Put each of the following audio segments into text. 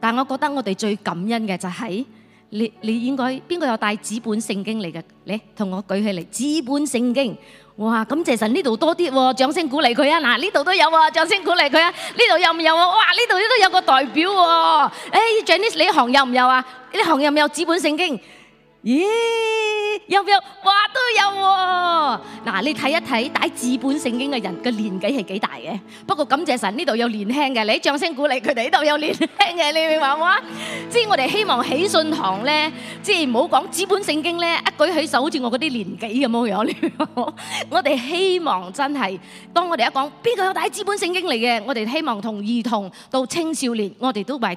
但我覺得我哋最感恩嘅就係、是、你，你應該邊個有帶紙本聖經嚟嘅？嚟同我舉起嚟紙本聖經。我話感謝神呢度多啲喎、哦，掌聲鼓勵佢啊！嗱呢度都有喎、哦，掌聲鼓勵佢啊！呢度有唔有啊？哇呢度都有個代表喎、哦。誒，Janice 你行有唔有啊？你行有唔有紙本聖經？咦，有唔有？哇，都有喎！嗱，你睇一睇帶紙本聖經嘅人嘅年紀係幾大嘅？不過感謝神呢度有年輕嘅，你掌聲鼓勵佢哋，呢度有年輕嘅，你明唔明啊？我啊，即係我哋希望喜信堂咧，即係唔好講紙本聖經咧，一舉起手好似我嗰啲年紀咁樣樣。我我哋希望真係，當我哋一講邊個有帶紙本聖經嚟嘅，我哋希望從兒童到青少年，我哋都為。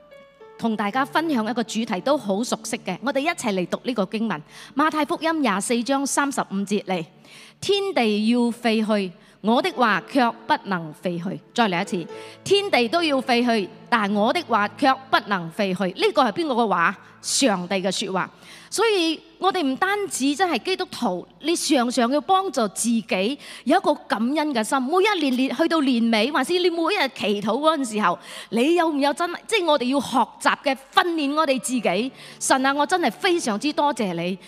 同大家分享一個主題都好熟悉嘅，我哋一齊嚟讀呢個經文，《馬太福音》廿四章三十五節嚟，天地要廢去，我的話卻不能廢去。再嚟一次，天地都要廢去，但係我的話卻不能廢去。呢個係邊個嘅話？上帝嘅説話。所以我哋唔單止真係基督徒，你常常要幫助自己有一個感恩嘅心。每一年年去到年尾，還是你每一日祈禱嗰陣時候，你有唔有真？即係我哋要學習嘅訓練我哋自己。神啊，我真係非常之多謝你。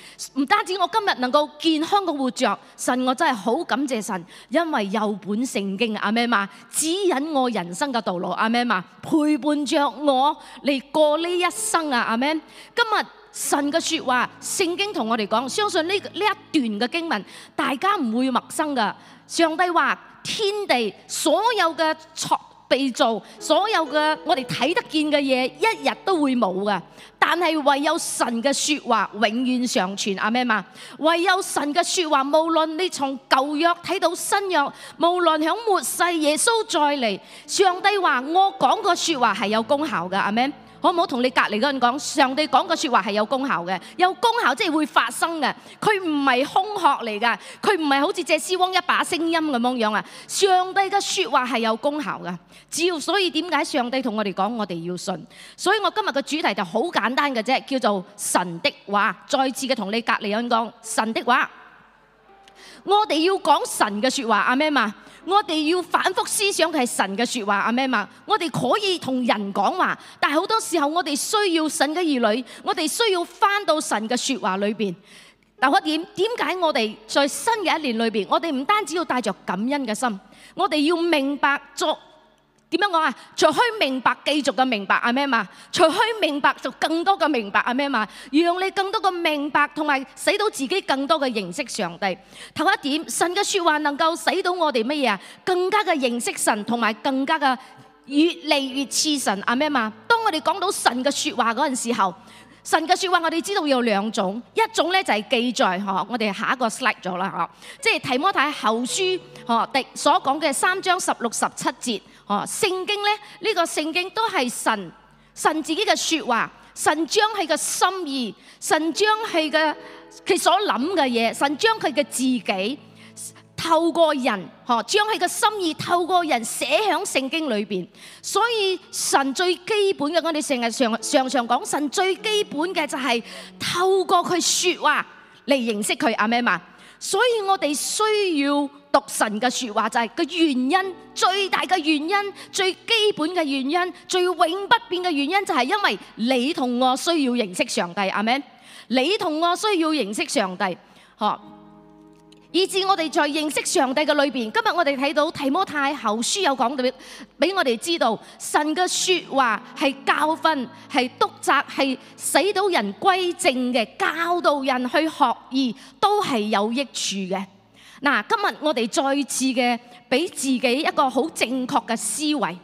唔單止我今日能夠健康嘅活着，神我真係好感謝神，因為有本聖經阿嘛，指引我人生嘅道路，阿嘛，陪伴着我嚟過呢一生啊，阿嘛今日。神嘅說話，聖經同我哋講，相信呢一段嘅經文，大家唔會陌生㗎。上帝話天地所有嘅錯被造，所有嘅我哋睇得見嘅嘢，一日都會冇㗎。但係唯有神嘅說話永遠常存，阿咩嘛？唯有神嘅說話，無論你從舊約睇到新約，無論喺末世耶穌再嚟，上帝話我講個說話係有功效㗎，阿咩？Amen? 可唔好同你隔離嗰人講，上帝講嘅説話係有功效嘅，有功效即係會發生嘅。佢唔係空殼嚟㗎，佢唔係好似謝斯汪一把聲音咁樣啊！上帝嘅説話係有功效嘅，只要，所以點解上帝同我哋講，我哋要信。所以我今日嘅主題就好簡單嘅啫，叫做神的話，再次嘅同你隔離嗰人講神的話。我哋要講神嘅說話，阿咩嘛，我哋要反覆思想佢係神嘅說話，阿咩嘛。我哋可以同人講話，但係好多時候我哋需要神嘅兒女，我哋需要返到神嘅說話裏邊。但一點，點解我哋在新嘅一年裏邊，我哋唔單止要帶着感恩嘅心，我哋要明白作。點樣講啊？除開明白，繼續嘅明白啊，咩嘛？除開明白，就更多嘅明白啊，咩嘛？讓你更多嘅明白，同埋使到自己更多嘅認識上帝。頭一點，神嘅說話能夠使到我哋乜嘢啊？更加嘅認識神，同埋更加嘅越嚟越似神啊，咩嘛？當我哋講到神嘅說話嗰陣時候，神嘅說話我哋知道有兩種，一種呢就係記載，我哋下一個 slide 咗啦，嗬，即係提摩太後書嗬，第所講嘅三章十六十七節。聖、哦、聖經咧，呢、呢個聖經都係神神自己嘅說話，神將佢嘅心意，神將佢嘅佢所諗嘅嘢，神將佢嘅自己透過人，將、哦、將佢嘅心意透過人寫響聖經裏邊。所以神最基本嘅，我哋成日常常講，神最基本嘅就係透過佢說話嚟認識佢，阿咩嘛。所以我哋需要。讀神嘅說話就係個原因，最大嘅原因，最基本嘅原因，最永不變嘅原因，就係因為你同我需要認識上帝，阿們，你同我需要認識上帝，嗬，以至我哋在認識上帝嘅裏邊，今日我哋睇到提摩太後書有講到，俾我哋知道神嘅說話係教訓，係督責，係使到人歸正嘅，教導人去學義，都係有益處嘅。嗱，今日我哋再次嘅俾自己一個好正確嘅思維。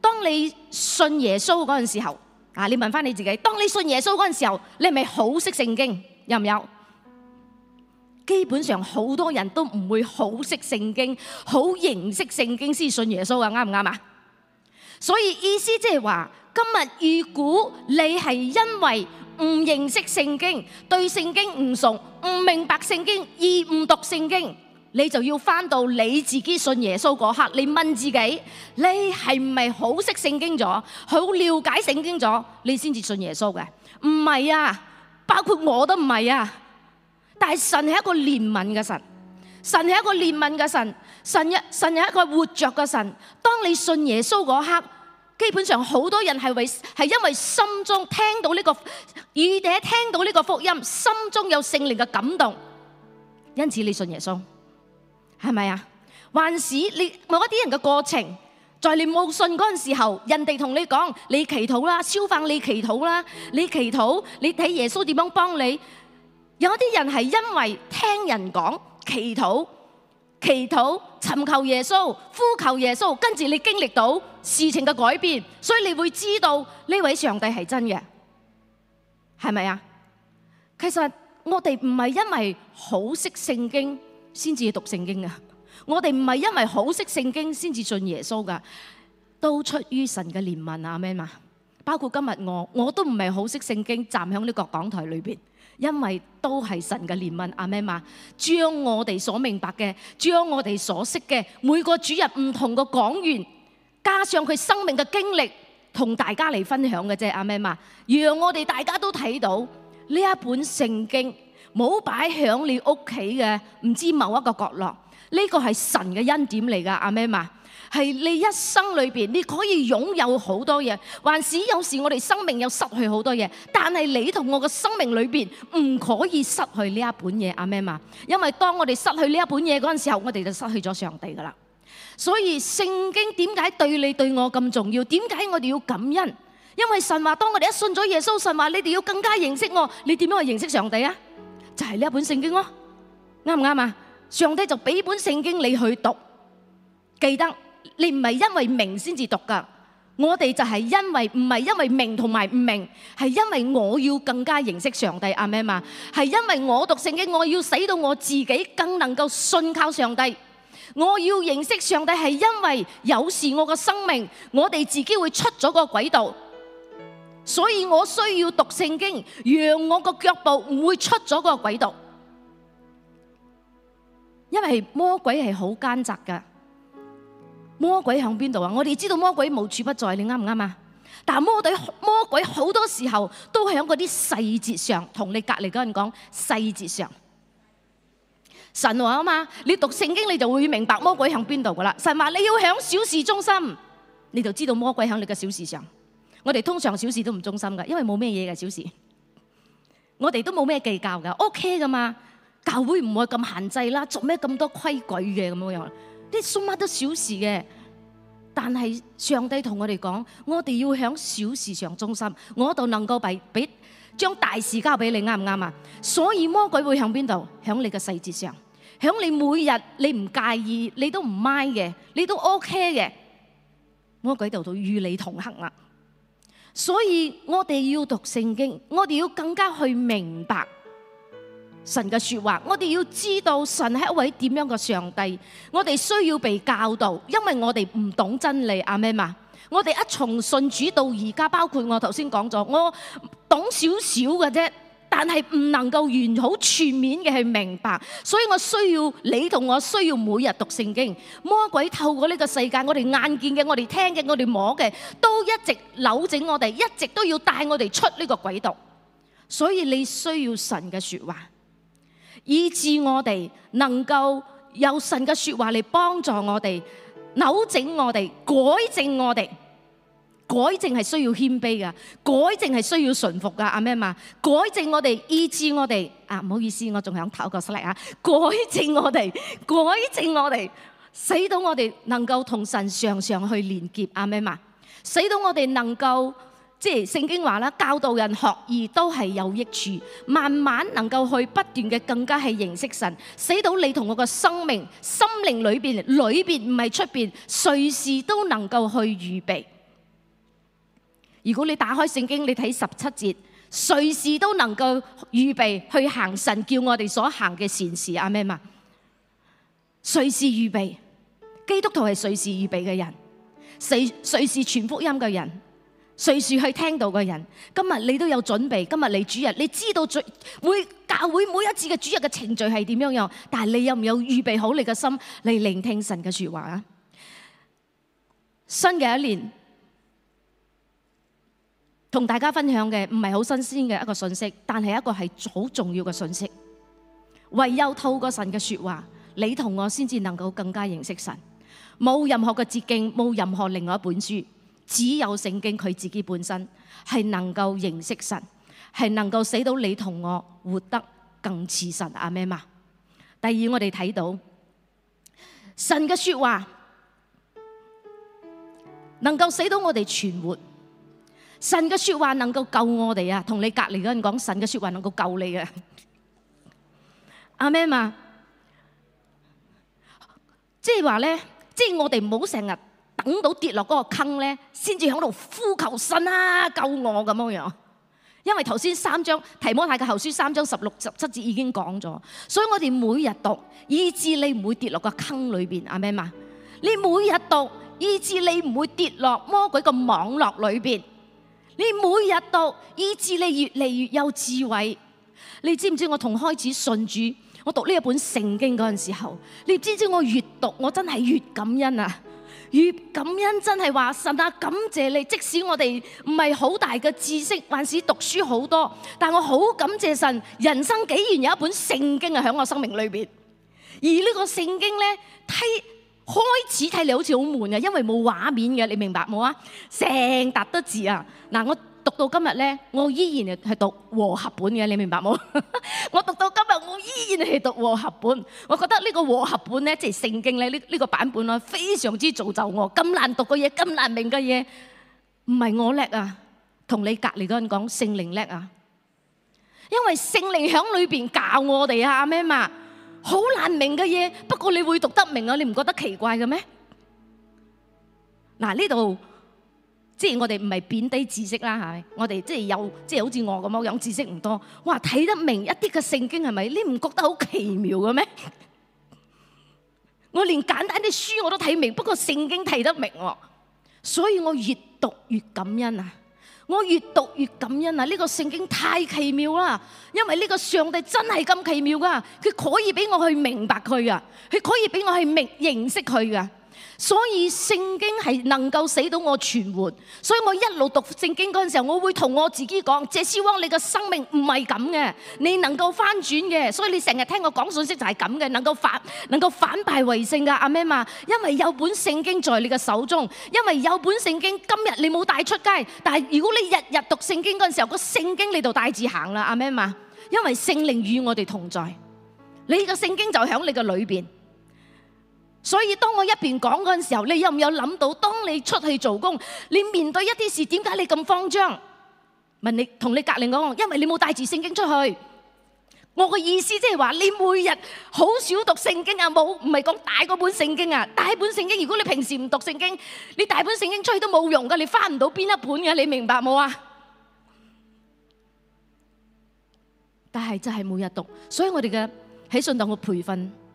當你信耶穌嗰陣時候，啊，你問翻你自己，當你信耶穌嗰陣時候，你係咪好識聖經？有唔有？基本上好多人都唔會好識聖經，好認識聖經先信耶穌啊？啱唔啱啊？所以意思即係話，今日如果你係因為，唔認識聖經，對聖經唔熟，唔明白聖經，而唔讀聖經，你就要翻到你自己信耶穌嗰刻，你問自己，你係唔係好識聖經咗，好了解聖經咗，你先至信耶穌嘅？唔係啊，包括我都唔係啊。但係神係一個憐憫嘅神，神係一個憐憫嘅神，神一神係一個活着嘅神。當你信耶穌嗰刻，基本上好多人係為，係因為心中聽到呢個耳仔聽到呢個福音，心中有聖靈嘅感動，因此你信耶穌係咪啊？還是你某一啲人嘅過程，在你冇信嗰陣時候，人哋同你講，你祈禱啦，燒飯你祈禱啦，你祈禱，你睇耶穌點樣幫你？有啲人係因為聽人講祈禱。祈禱、尋求耶穌、呼求耶穌，跟住你經歷到事情嘅改變，所以你會知道呢位上帝係真嘅，係咪啊？其實我哋唔係因為好識聖經先至讀聖經啊，我哋唔係因為好識聖經先至信耶穌噶，都出於神嘅憐憫啊，咩嘛？包括今日我我都唔係好識聖經，站喺呢個講台裏邊。因為都是神的憐憫，阿咩嘛，將我們所明白嘅，將我們所識的每個主人唔同嘅講員，加上他生命的經歷，同大家來分享的阿妹嘛，讓、啊、我們大家都看到這一本聖經，沒有擺在你家裏的唔知某一個角落，這個是神的恩典嚟噶，阿妹嘛。係你一生裏邊，你可以擁有好多嘢，還是有時我哋生命又失去好多嘢。但係你同我嘅生命裏邊，唔可以失去呢一本嘢。阿們啊，因為當我哋失去呢一本嘢嗰陣時候，我哋就失去咗上帝噶啦。所以聖經點解對你對我咁重要？點解我哋要感恩？因為神話當我哋一信咗耶穌，神話你哋要更加認識我。你點樣去認識上帝啊？就係呢一本聖經咯，啱唔啱啊？上帝就俾本聖經你去讀，記得。你唔係因為明先至讀噶，我哋就係因為唔係因為明同埋唔明，係因為我要更加認識上帝阿咩嘛，係因為我讀聖經，我要使到我自己更能夠信靠上帝，我要認識上帝係因為有時我個生命我哋自己會出咗個軌道，所以我需要讀聖經，讓我個腳步唔會出咗個軌道，因為魔鬼係好奸詐噶。魔鬼響邊度啊？我哋知道魔鬼無處不在，你啱唔啱啊？但係魔鬼魔鬼好多時候都喺嗰啲細節上同你隔籬嗰人講細節上。神話啊嘛，你讀聖經你就會明白魔鬼響邊度噶啦。神話你要響小事中心，你就知道魔鬼響你嘅小事上。我哋通常小事都唔中心噶，因為冇咩嘢嘅小事。我哋都冇咩計較噶，O K 噶嘛？教會唔會咁限制啦，做咩咁多規矩嘅咁樣？啲疏忽都小事嘅，但係上帝同我哋講，我哋要響小事上忠心，我就能夠俾俾將大事交俾你啱唔啱啊？所以魔鬼會響邊度？響你嘅細節上，響你每日你唔介意，你都唔買嘅，你都 OK 嘅，魔鬼就到與你同行啦。所以我哋要讀聖經，我哋要更加去明白。神嘅說話，我哋要知道神係一位點樣嘅上帝。我哋需要被教導，因為我哋唔懂真理。阿們嘛，我哋一從信主到而家，包括我頭先講咗，我懂少少嘅啫，但係唔能夠完好全面嘅去明白。所以我需要你同我需要每日讀聖經。魔鬼透過呢個世界，我哋眼見嘅，我哋聽嘅，我哋摸嘅，都一直扭整我哋，一直都要帶我哋出呢個軌道。所以你需要神嘅說話。以致我哋能夠有神嘅說話嚟幫助我哋，扭整我哋，改正我哋。改正係需要謙卑噶，改正係需要順服噶。阿咩嘛，改正我哋，以致我哋。啊，唔好意思，我仲想唞個息啊，改正我哋，改正我哋，使到我哋能夠同神常常去連結。阿咩嘛，使到我哋能夠。即係聖經話啦，教導人學義都係有益處，慢慢能夠去不斷嘅更加係認識神，使到你同我嘅生命心靈裏邊裏邊唔係出邊，隨時都能夠去預備。如果你打開聖經，你睇十七節，隨時都能夠預備去行神叫我哋所行嘅善事啊！咩嘛？隨時預備，基督徒係隨時預備嘅人，隨隨時傳福音嘅人。隨時去聽到嘅人，今日你都有準備，今日你主日，你知道最每教會每一次嘅主日嘅程序係點樣樣，但係你有唔有預備好你嘅心嚟聆聽神嘅說話啊？新嘅一年，同大家分享嘅唔係好新鮮嘅一個信息，但係一個係好重要嘅信息。唯有透過神嘅說話，你同我先至能夠更加認識神，冇任何嘅捷徑，冇任何另外一本書。只有聖經佢自己本身係能夠認識神，係能夠使到你同我活得更似神。阿咩嘛，第二我哋睇到神嘅說話能夠使到我哋存活，神嘅說話能夠救我哋啊！同你隔籬嗰人講，神嘅說話能夠救你啊。阿咩嘛，即係話咧，即係我哋唔好成日。等到跌落嗰個坑咧，先至喺度呼求神啊，救我咁樣樣。因為頭先三章提摩太嘅後書三章十六十七節已經講咗，所以我哋每日讀，以致你唔會跌落個坑裏邊，明嘛？你每日讀，以致你唔會跌落魔鬼嘅網絡裏邊。你每日讀，以致你越嚟越有智慧。你知唔知我從開始信主，我讀呢一本聖經嗰陣時候，你知唔知我越讀我真係越感恩啊？越感恩真係話神啊，感謝你！即使我哋唔係好大嘅知識，還是讀書好多，但我好感謝神。人生竟然有一本聖經啊，喺我生命裏邊，而呢個聖經咧，睇開始睇你好似好悶呀，因為冇畫面嘅，你明白冇啊？成沓得字啊！嗱我。讀到今日咧，我依然係讀和合本嘅，你明白冇？我讀到今日，我依然係讀和合本。我覺得呢個和合本咧，即係聖經咧呢呢個版本啊，非常之造就我。咁難讀嘅嘢，咁難明嘅嘢，唔係我叻啊，同你隔籬嗰人講聖靈叻啊，因為聖靈響裏邊教我哋啊，阿們嘛，好難明嘅嘢，不過你會讀得明啊，你唔覺得奇怪嘅咩？嗱呢度，即係我哋唔係貶低知識啦，係咪？我哋即係有，即係好似我咁樣，我有知識唔多，哇睇得明一啲嘅聖經係咪？你唔覺得好奇妙嘅咩？我連簡單啲書我都睇明，不過聖經睇得明我，所以我越讀越感恩啊！我越讀越感恩啊！呢個聖經太奇妙啦，因為呢個上帝真係咁奇妙噶，佢可以俾我去明白佢啊，佢可以俾我去明認識佢噶。所以聖經係能夠使到我存活，所以我一路讀聖經嗰陣時候，我會同我自己講：謝斯旺，你嘅生命唔係咁嘅，你能夠翻轉嘅。所以你成日聽我講信息就係咁嘅，能夠反能夠反敗為勝嘅阿咩嘛。因為有本聖經在你嘅手中，因為有本聖經，今日你冇帶出街，但係如果你日日讀聖經嗰陣時候，個聖經你就帶住行啦，阿咩嘛。因為聖靈與我哋同在，你個聖經就喺你嘅裏邊。所以，當我一邊講嗰陣時候，你有唔有諗到？當你出去做工，你面對一啲事，點解你咁慌張？問你同你隔離講，因為你冇帶住聖經出去。我嘅意思即係話，你每日好少讀聖經啊，冇唔係講大個本聖經啊，大本聖經。如果你平時唔讀聖經，你大本聖經出去都冇用㗎，你翻唔到邊一本嘅，你明白冇啊？但係就係每日讀，所以我哋嘅喺信堂嘅培訓。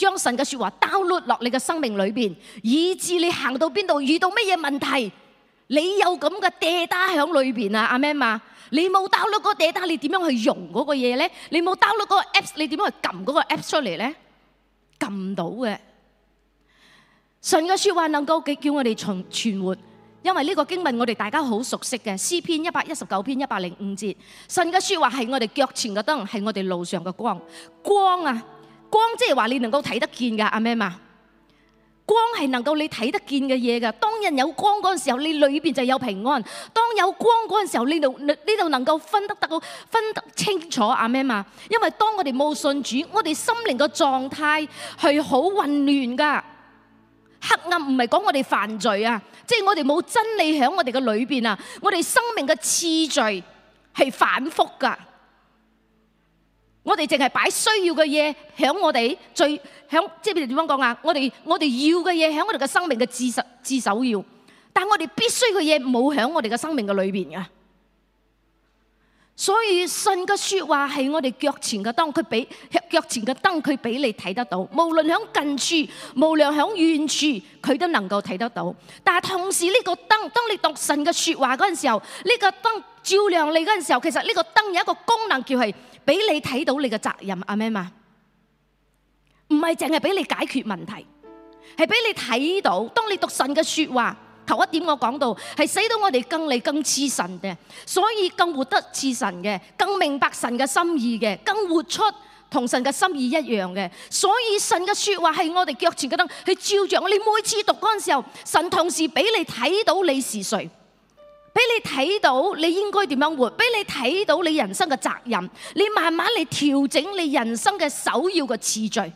將神嘅說話 download 落你嘅生命裏邊，以致你行到邊度遇到乜嘢問題，你有咁嘅 data 喺裏邊啊？阿們啊？你冇 download 嗰個 data，你點樣去用嗰個嘢咧？你冇 download 嗰 apps，你點樣去撳嗰個 apps 出嚟咧？撳唔到嘅。神嘅說話能夠叫叫我哋存存活，因為呢個經文我哋大家好熟悉嘅，詩篇一百一十九篇一百零五節，神嘅說話係我哋腳前嘅燈，係我哋路上嘅光，光啊！光即係話你能夠睇得見噶，阿咩嘛。光係能夠你睇得見嘅嘢噶。當人有光嗰陣時候，你裏邊就有平安。當有光嗰陣時候，你度呢度能夠分得得到，分得清楚，阿咩嘛。因為當我哋冇信主，我哋心靈嘅狀態係好混亂噶。黑暗唔係講我哋犯罪啊，即係我哋冇真理響我哋嘅裏邊啊，我哋生命嘅次序係反覆噶。我哋淨係擺需要嘅嘢喺我哋最，響即係譬如點講啊？我哋我哋要嘅嘢喺我哋嘅生命嘅至首首要，但我哋必須嘅嘢冇喺我哋嘅生命嘅裏面嘅。所以神嘅說話係我哋腳前嘅燈，佢俾腳前嘅燈佢俾你睇得到。無論響近處，無論響遠處，佢都能夠睇得到。但係同時呢個燈，當你讀神嘅說話嗰陣時候，呢個燈照亮你嗰陣時候，其實呢個燈有一個功能叫係俾你睇到你嘅責任。明嘛？唔係淨係俾你解決問題，係俾你睇到。當你讀神嘅說話。頭一點我講到係使到我哋更嚟更似神嘅，所以更活得似神嘅，更明白神嘅心意嘅，更活出同神嘅心意一樣嘅。所以神嘅說話係我哋腳前嘅燈，係照着我哋每次讀嗰陣時候，神同時俾你睇到你是誰，俾你睇到你應該點樣活，俾你睇到你人生嘅責任，你慢慢嚟調整你人生嘅首要嘅次序。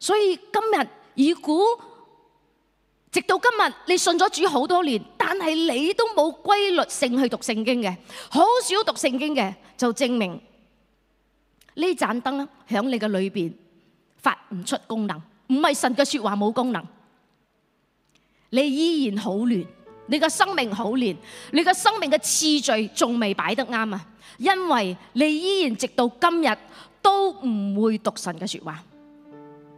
所以今日如果直到今日，你信咗主好多年，但係你都冇規律性去讀聖經嘅，好少讀聖經嘅，就證明呢盞燈咧響你嘅裏邊發唔出功能，唔係神嘅說話冇功能。你依然好亂，你嘅生命好亂，你嘅生命嘅次序仲未擺得啱啊！因為你依然直到今日都唔會讀神嘅說話，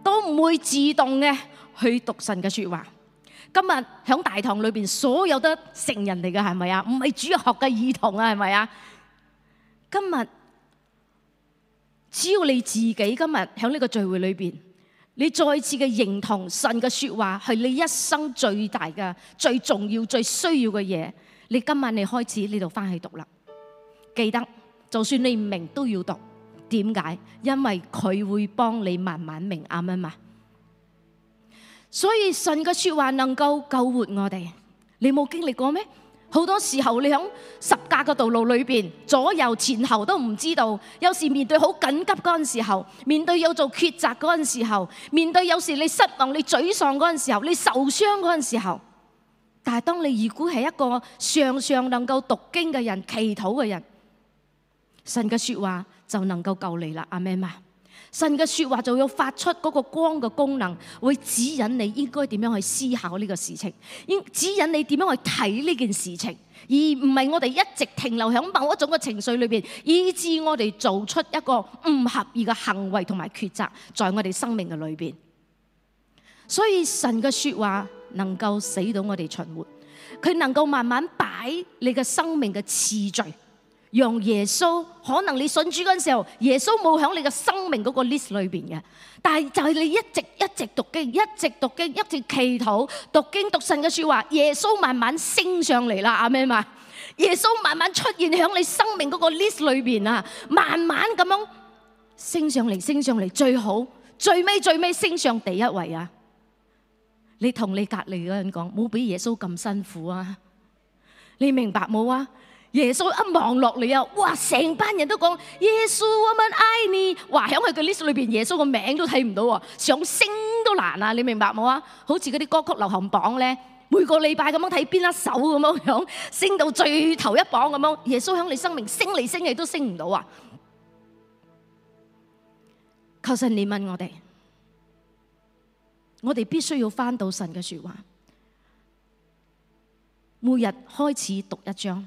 都唔會自動嘅去讀神嘅說話。今日喺大堂裏邊，所有都成人嚟㗎係咪啊？唔係主要學嘅兒童啊，係咪啊？今日只要你自己今日喺呢個聚會裏邊，你再次嘅認同神嘅說話，係你一生最大嘅、最重要、最需要嘅嘢。你今晚你開始你就翻去讀啦，記得就算你唔明都要讀。點解？因為佢會幫你慢慢明啱啊嘛。所以神嘅說話能夠救活我哋，你冇經歷過咩？好多時候你響十架嘅道路裏邊，左右前後都唔知道。有時面對好緊急嗰陣時候，面對要做抉擇嗰陣時候，面對有時你失望、你沮喪嗰陣時候，你受傷嗰陣時候，但係當你如果係一個常常能夠讀經嘅人、祈禱嘅人，神嘅說話就能夠救你啦！阿們。神嘅說話就要發出嗰個光嘅功能，會指引你應該點樣去思考呢個事情，指引你點樣去睇呢件事情，而唔係我哋一直停留喺某一種嘅情緒裏邊，以致我哋做出一個唔合意嘅行為同埋抉擇，在我哋生命嘅裏邊。所以神嘅說話能夠使到我哋存活，佢能夠慢慢擺你嘅生命嘅次序。讓耶穌，可能你信主嗰陣時候，耶穌冇響你嘅生命嗰個 list 裏邊嘅，但係就係你一直一直讀經、一直讀經、一直祈禱、讀經讀神嘅說話，耶穌慢慢升上嚟啦，阿們嘛，耶穌慢慢出現響你生命嗰個 list 裏邊啊，慢慢咁樣升上嚟、升上嚟，最好最尾最尾升上第一位啊！你同你隔籬嗰人講冇畀耶穌咁辛苦啊！你明白冇啊？耶穌一望落嚟啊，哇！成班人都講耶穌啊，我哋愛你，話響佢嘅 list 裏邊，耶穌個名都睇唔到喎，想升都難啊！你明白冇啊？好似嗰啲歌曲流行榜咧，每個禮拜咁樣睇邊一首咁樣，升到最頭一榜咁樣，耶穌響你生命升嚟升去都升唔到啊！求神你問我哋，我哋必須要返到神嘅說話，每日開始讀一章。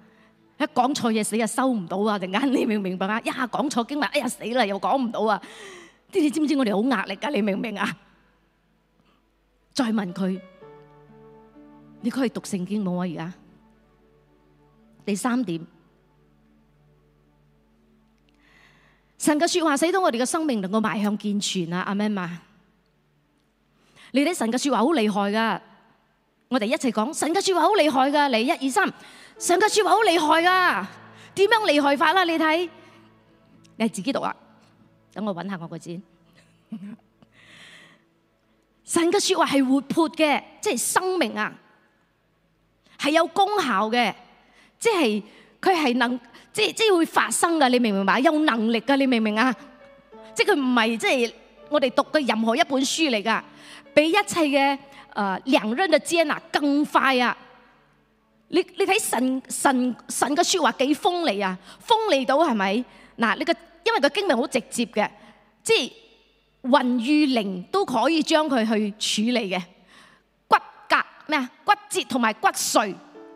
一講錯嘢死啊，收唔到啊！突然間你明唔明白啊？一下講錯經文，哎呀死啦，又講唔到啊！啲你知唔知我哋好壓力噶？你明唔明啊？再問佢，你可以讀聖經冇啊？而家第三點，神嘅說話使到我哋嘅生命能夠邁向健全啊！阿媽咪，你哋神嘅說話好厲害噶，我哋一齊講神嘅說話好厲害噶！嚟一二三。神嘅說話好厲害噶、啊，點樣厲害法啦？你睇，你自己讀啦。等我揾下我個字。神 嘅說話係活潑嘅，即係生命啊，係有功效嘅，即係佢係能，即係即係會發生噶。你明唔明白嗎？有能力噶，你明唔明啊？即係佢唔係即係我哋讀嘅任何一本書嚟噶，比一切嘅啊兩刃嘅劍啊更快啊！你你睇神神神嘅説話幾鋒利啊！鋒利到係咪嗱？你個因為佢經文好直接嘅，即係魂與靈都可以將佢去處理嘅骨骼咩啊？骨節同埋骨髓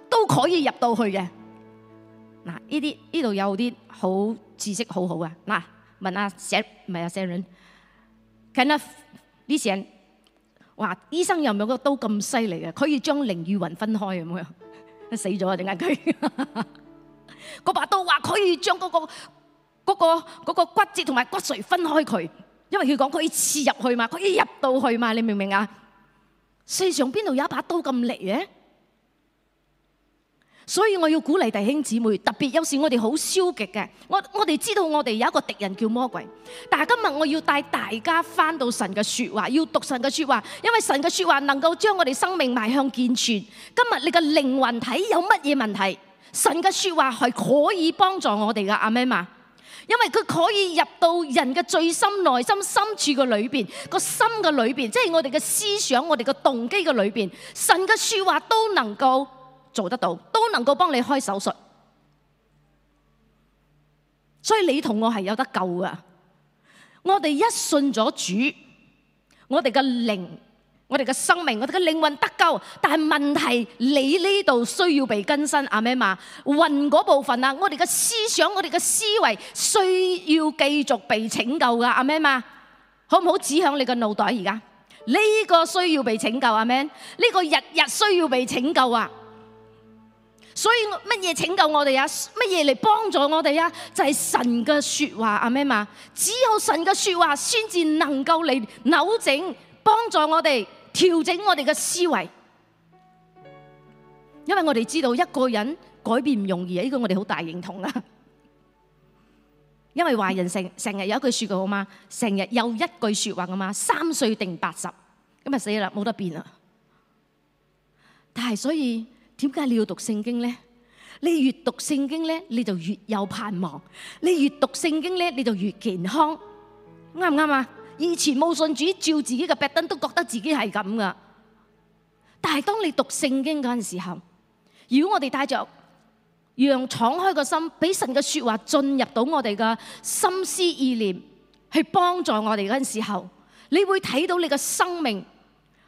都可以入到去嘅嗱。呢啲呢度有啲好知識很好的，好好啊嗱。問阿 Sir 唔係阿 Sir Kenneth 呢時人話醫生有冇個刀咁犀利嘅？可以將靈與魂分開咁樣。死咗啊！點解佢嗰把刀話可以將嗰個嗰個嗰個骨節同埋骨髓分開佢？因為佢講可以刺入去嘛，可以入到去嘛，你明唔明啊？世上邊度有一把刀咁叻嘅？所以我要鼓勵弟兄姊妹，特別有時我哋好消極嘅，我我哋知道我哋有一個敵人叫魔鬼。但係今日我要帶大家返到神嘅說話，要讀神嘅說話，因為神嘅說話能夠將我哋生命邁向健全。今日你嘅靈魂體有乜嘢問題？神嘅說話係可以幫助我哋㗎，阿媽嘛，因為佢可以入到人嘅最深、內心深處嘅裏邊，個心嘅裏邊，即係我哋嘅思想、我哋嘅動機嘅裏邊，神嘅說話都能夠。做得到都能夠幫你開手術，所以你同我係有得救噶。我哋一信咗主，我哋嘅靈、我哋嘅生命、我哋嘅靈魂得救，但係問題你呢度需要被更新，阿們魂嗰部分啊。我哋嘅思想、我哋嘅思維需要繼續被拯救噶，阿們，好唔好指向你嘅腦袋而家呢個需要被拯救，阿們，呢個日日需要被拯救啊！所以乜嘢拯救我哋啊？乜嘢嚟幫助我哋啊？就係、是、神嘅說話阿咩嘛？只有神嘅說話先至能夠嚟扭整，幫助我哋調整我哋嘅思維，因為我哋知道一個人改變唔容易啊！呢、這個我哋好大認同啊！因為華人成成日有一句說話好嘛，成日有一句說話噶嘛，三歲定八十，咁啊死啦，冇得變啦。但係所以。點解你要讀聖經咧？你越讀聖經咧，你就越有盼望；你越讀聖經咧，你就越健康，啱唔啱啊？以前無信主照自己嘅壁燈，都覺得自己係咁噶。但係當你讀聖經嗰陣時候，如果我哋帶着讓敞開個心，俾神嘅說話進入到我哋嘅心思意念，去幫助我哋嗰陣時候，你會睇到你嘅生命。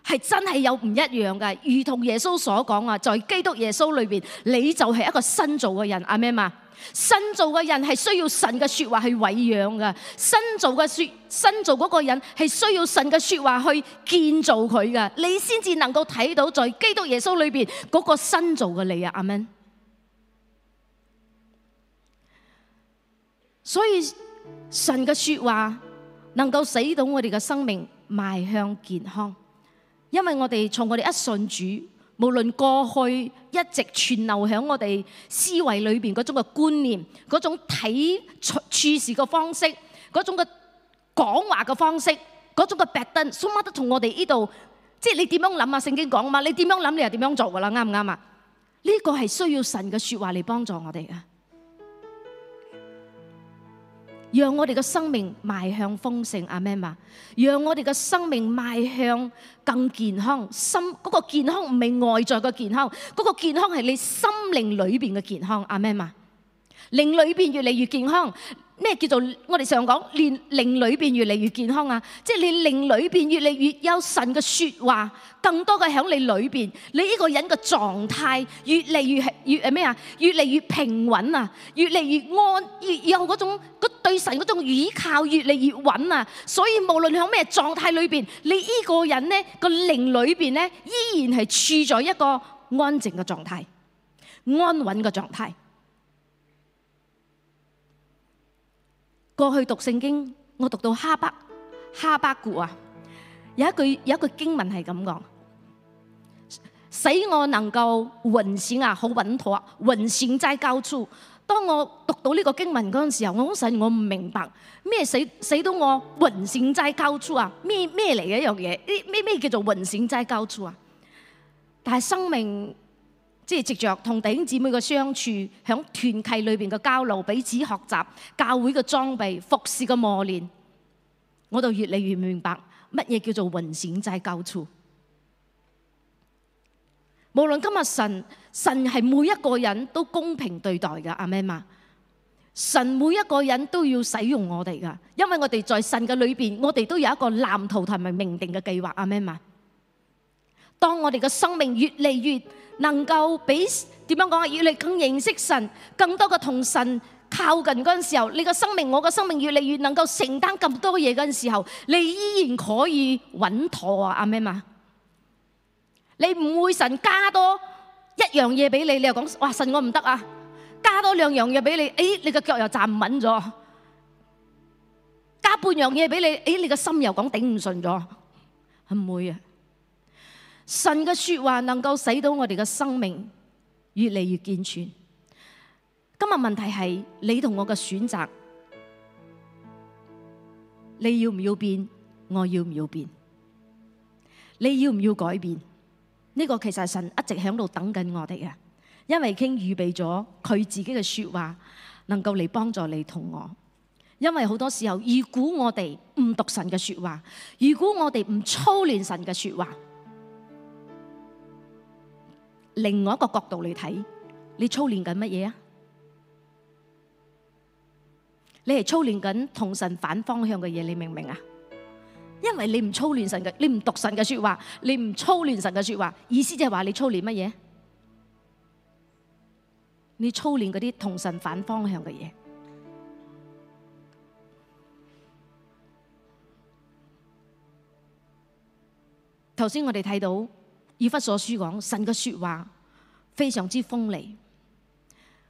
係真係有唔一樣嘅，如同耶穌所講啊，在基督耶穌裏邊，你就係一個新造嘅人。阿們啊，新造嘅人係需要神嘅說話去餵養噶，新造嘅說，新造個人係需要神嘅說話去建造佢噶，你先至能夠睇到在基督耶穌裏邊嗰個新造嘅你啊，阿們，所以神嘅說話能夠使到我哋嘅生命邁向健康。因為我哋從我哋一信主，無論過去一直存留喺我哋思維裏面嗰種嘅觀念、嗰種睇處事嘅方式、嗰種嘅講話嘅方式、嗰種嘅 pattern，乜都同我哋呢度，即係你點樣諗啊？聖經講啊嘛，你點樣諗，你又點樣做㗎啦？啱唔啱啊？呢、這個係需要神嘅說話嚟幫助我哋嘅。讓我哋嘅生命邁向豐盛，阿們嗎！讓我哋嘅生命邁向更健康，心嗰個健康唔係外在嘅健康，嗰個健康係你心靈裏邊嘅健康，阿們嗎！令裏邊越嚟越健康。咩叫做我哋常講靈靈裏邊越嚟越健康啊？即係你靈裏邊越嚟越有神嘅說話，更多嘅喺你裏邊。你呢個人嘅狀態越嚟越係越咩啊？越嚟越，越平穩啊！越嚟越安，越有嗰種對對神嗰種倚靠越嚟越穩啊！所以無論喺咩狀態裏邊，你呢個人咧，這個靈裏邊咧依然係處在一個安靜嘅狀態，安穩嘅狀態。過去讀聖經，我讀到哈巴哈巴谷啊，有一句有一句經文係咁講，使我能夠穩行啊，好穩妥啊，穩行在高處。當我讀到呢個經文嗰陣時候，我好信我唔明白咩死死到我穩行在高處啊？咩咩嚟嘅一樣嘢？咩咩叫做穩行在高處啊？但係生命。即係藉著同弟兄姊妹嘅相處，響團契裏邊嘅交流，彼此學習教會嘅裝備、服侍嘅磨練，我就越嚟越明白乜嘢叫做雲閃在交錯。無論今日神神係每一個人都公平對待嘅，阿們嘛。神每一個人都要使用我哋㗎，因為我哋在神嘅裏邊，我哋都有一個藍圖同埋命定嘅計劃，阿們嘛。當我哋嘅生命越嚟越～能夠俾點樣講啊？要你更認識神，更多嘅同神靠近嗰陣時候，你個生命，我個生命越嚟越能夠承擔咁多嘢嗰陣時候，你依然可以穩妥啊！阿咩嘛，你唔會神加多一樣嘢俾你，你又講哇神我唔得啊！加多兩樣嘢俾你，誒你個腳又站唔穩咗，加半樣嘢俾你，誒你個心又講頂唔順咗，係唔會啊？神嘅說話能夠使到我哋嘅生命越嚟越健全。今日問題係你同我嘅選擇，你要唔要變？我要唔要變？你要唔要改變？呢個其實神一直響度等緊我哋啊，因為已經預備咗佢自己嘅說話能夠嚟幫助你同我。因為好多時候，如果我哋唔讀神嘅說話，如果我哋唔操練神嘅說話。另外一個角度嚟睇，你操練緊乜嘢啊？你係操練緊同神反方向嘅嘢，你明唔明啊？因為你唔操練神嘅，你唔讀神嘅説話，你唔操練神嘅説話，意思就係話你操練乜嘢？你操練嗰啲同神反方向嘅嘢。頭先我哋睇到。以弗所書講神嘅說話非常之鋒利。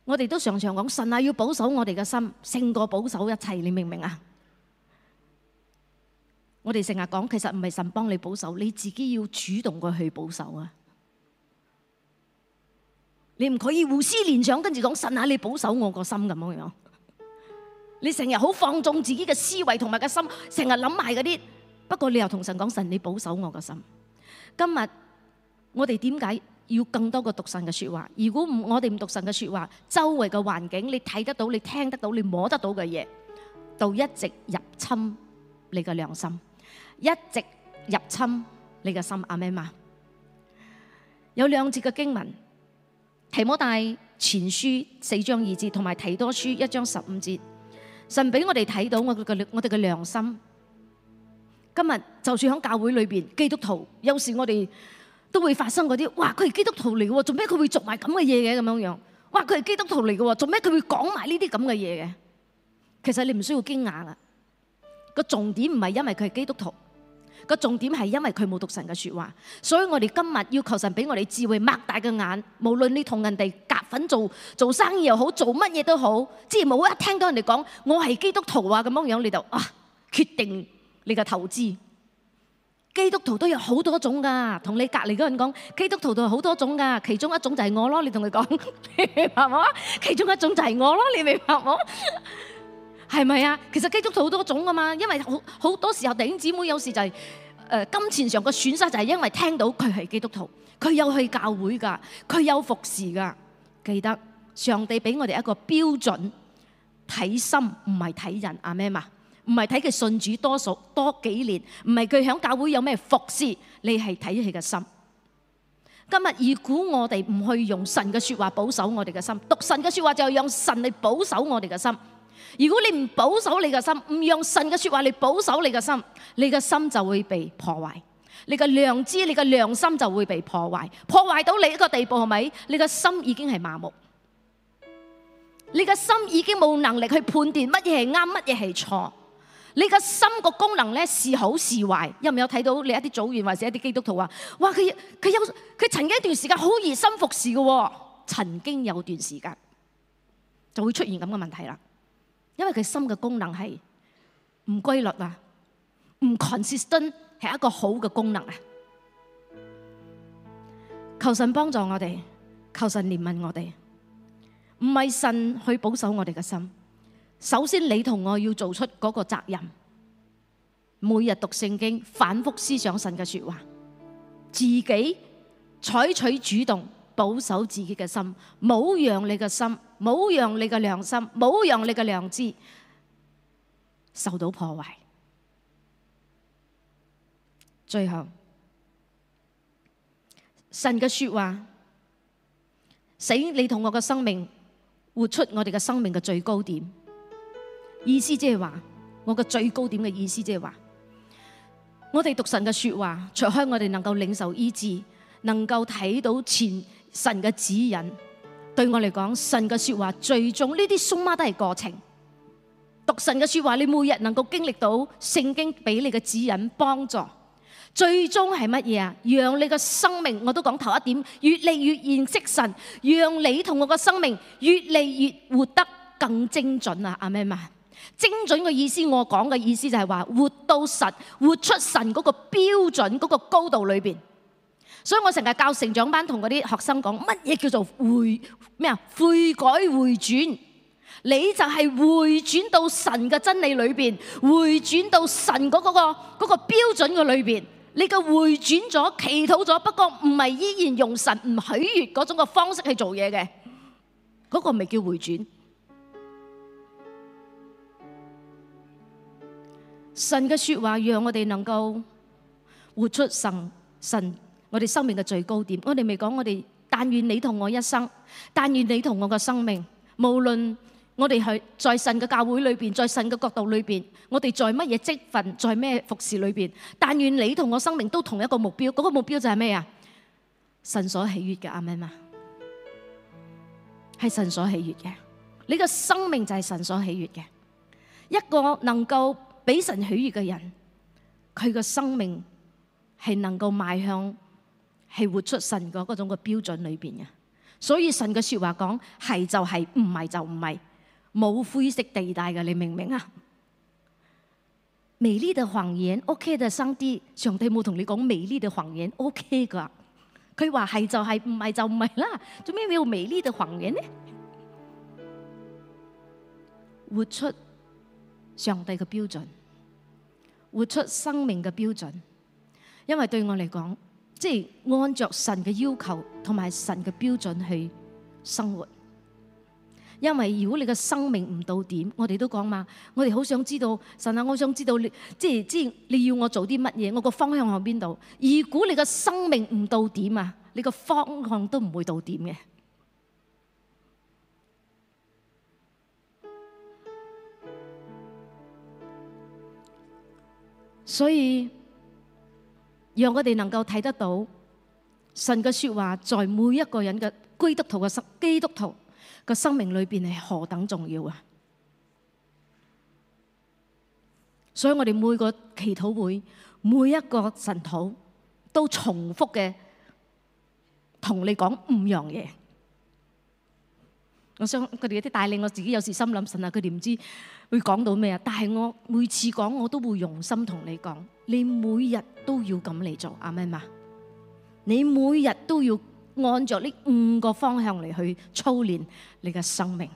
我哋都常常講神啊，要保守我哋嘅心勝過保守一切。你明唔明啊？我哋成日講，其實唔係神幫你保守，你自己要主動嘅去保守啊。你唔可以胡思亂想，跟住講神啊，你保守我個心咁樣樣。你成日好放縱自己嘅思維同埋個心，成日諗埋嗰啲。不過你又同神講神，你保守我個心。今日。我哋點解要更多個讀神嘅說話？如果唔我哋唔讀神嘅說話，周圍嘅環境，你睇得到、你聽得到、你摸得到嘅嘢，就一直入侵你嘅良心，一直入侵你嘅心。阿們啊，有兩節嘅經文，提摩太前書四章二節，同埋提多書一章十五節，神俾我哋睇到我哋嘅我哋嘅良心。今日就算喺教會裏邊，基督徒有時我哋都會發生嗰啲，哇！佢係基督徒嚟喎，做咩佢會做埋咁嘅嘢嘅咁樣樣？哇！佢係基督徒嚟嘅喎，做咩佢會講埋呢啲咁嘅嘢嘅？其實你唔需要驚訝啊！個重點唔係因為佢係基督徒，個重點係因為佢冇讀神嘅説話，所以我哋今日要求神俾我哋智慧，擘大個眼，無論你同人哋夾份做做生意又好，做乜嘢都好，即係冇一聽到人哋講我係基督徒啊咁樣樣，你就啊決定你嘅投資。基督徒都有好多種噶，同你隔籬嗰人講，基督徒都係好多種噶，其中一種就係我咯，你同佢講，明白冇？其中一種就係我咯，你明白冇？係咪啊？其實基督徒好多種噶嘛，因為好好多時候弟兄姊妹有時就係、是、誒、呃、金錢上嘅損失就係因為聽到佢係基督徒，佢有去教會噶，佢有服侍噶，記得上帝俾我哋一個標準，睇心唔係睇人，阿咩嘛。唔係睇佢信主多數多幾年，唔係佢響教會有咩服侍，你係睇佢嘅心。今日如果我哋唔去用神嘅說話保守我哋嘅心，讀神嘅說話就係用神嚟保守我哋嘅心。如果你唔保守你嘅心，唔用神嘅說話嚟保守你嘅心，你嘅心就會被破壞，你嘅良知、你嘅良心就會被破壞，破壞到你一個地步係咪？你嘅心已經係麻木，你嘅心已經冇能力去判斷乜嘢係啱，乜嘢係錯。你個心個功能咧，是好是壞，有唔有睇到你一啲組員或者一啲基督徒話，哇佢佢有佢曾經一段時間好熱心服侍嘅，曾經有一段時間就會出現咁嘅問題啦，因為佢心嘅功能係唔規律啊，唔 consistent 係一個好嘅功能啊，求神幫助我哋，求神憐憫我哋，唔係神去保守我哋嘅心。首先，你同我要做出嗰個責任，每日讀聖經，反覆思想神嘅說話，自己採取主動，保守自己嘅心，冇讓你嘅心，冇讓你嘅良心，冇讓你嘅良知受到破壞。最後，神嘅說話使你同我嘅生命活出我哋嘅生命嘅最高點。意思即係話，我嘅最高點嘅意思即係話，我哋讀神嘅說話，除開我哋能夠領受醫治，能夠睇到前神嘅指引，對我嚟講，神嘅說話最終呢啲松媽都係過程。讀神嘅說話，你每日能夠經歷到聖經俾你嘅指引幫助，最終係乜嘢啊？讓你嘅生命，我都講頭一點，越嚟越認識神，讓你同我嘅生命越嚟越活得更精準啊！阿咩嘛。精準嘅意思，我講嘅意思就係話，活到神，活出神嗰個標準嗰個高度裏邊。所以我成日教成長班同嗰啲學生講，乜嘢叫做回咩啊？悔改回轉，你就係回轉到神嘅真理裏邊，回轉到神嗰嗰個嗰個標準嘅裏邊。你嘅回轉咗，祈禱咗，不過唔係依然用神唔喜悅嗰種嘅方式去做嘢嘅，嗰個咪叫回轉。神嘅說話讓我哋能夠活出神神我哋生命嘅最高點。我哋未講我哋，但願你同我一生，但願你同我嘅生命，無論我哋喺在神嘅教會裏邊，在神嘅國度裏邊，我哋在乜嘢積分，在咩服侍裏邊，但願你同我生命都同一個目標。嗰個目標就係咩啊？神所喜悦嘅阿媽咪嘛，係神所喜悦嘅。你嘅生命就係神所喜悦嘅，一個能夠。俾神喜悅嘅人，佢個生命係能夠邁向係活出神嘅嗰種嘅標準裏邊嘅。所以神嘅說話講係就係、是，唔係就唔係，冇灰色地帶嘅。你明唔明啊？美麗的謊言，O K 嘅生啲。上帝冇同你講美麗的謊言，O K 噶。佢話係就係、是，唔係就唔係啦。做咩要美麗的謊言呢？活出上帝嘅標準。活出生命嘅標準，因為對我嚟講，即係按着神嘅要求同埋神嘅標準去生活。因為如果你嘅生命唔到點，我哋都講嘛，我哋好想知道神啊，我想知道你，你即係你要我做啲乜嘢，我個方向向邊度？如果你嘅生命唔到點啊，你個方向都唔會到點嘅。所以，讓我哋能夠睇得到神嘅說話，在每一個人嘅基督徒嘅生基督徒嘅生命裏邊係何等重要啊！所以我哋每個祈禱會，每一個神徒都重複嘅同你講五樣嘢。我想佢哋有啲帶領，我自己有時心諗：神啊，佢哋唔知會講到咩啊？但係我每次講我都會用心同你講，你每日都要咁嚟做啊！咩嘛？你每日都要按著呢五個方向嚟去操練你嘅生命。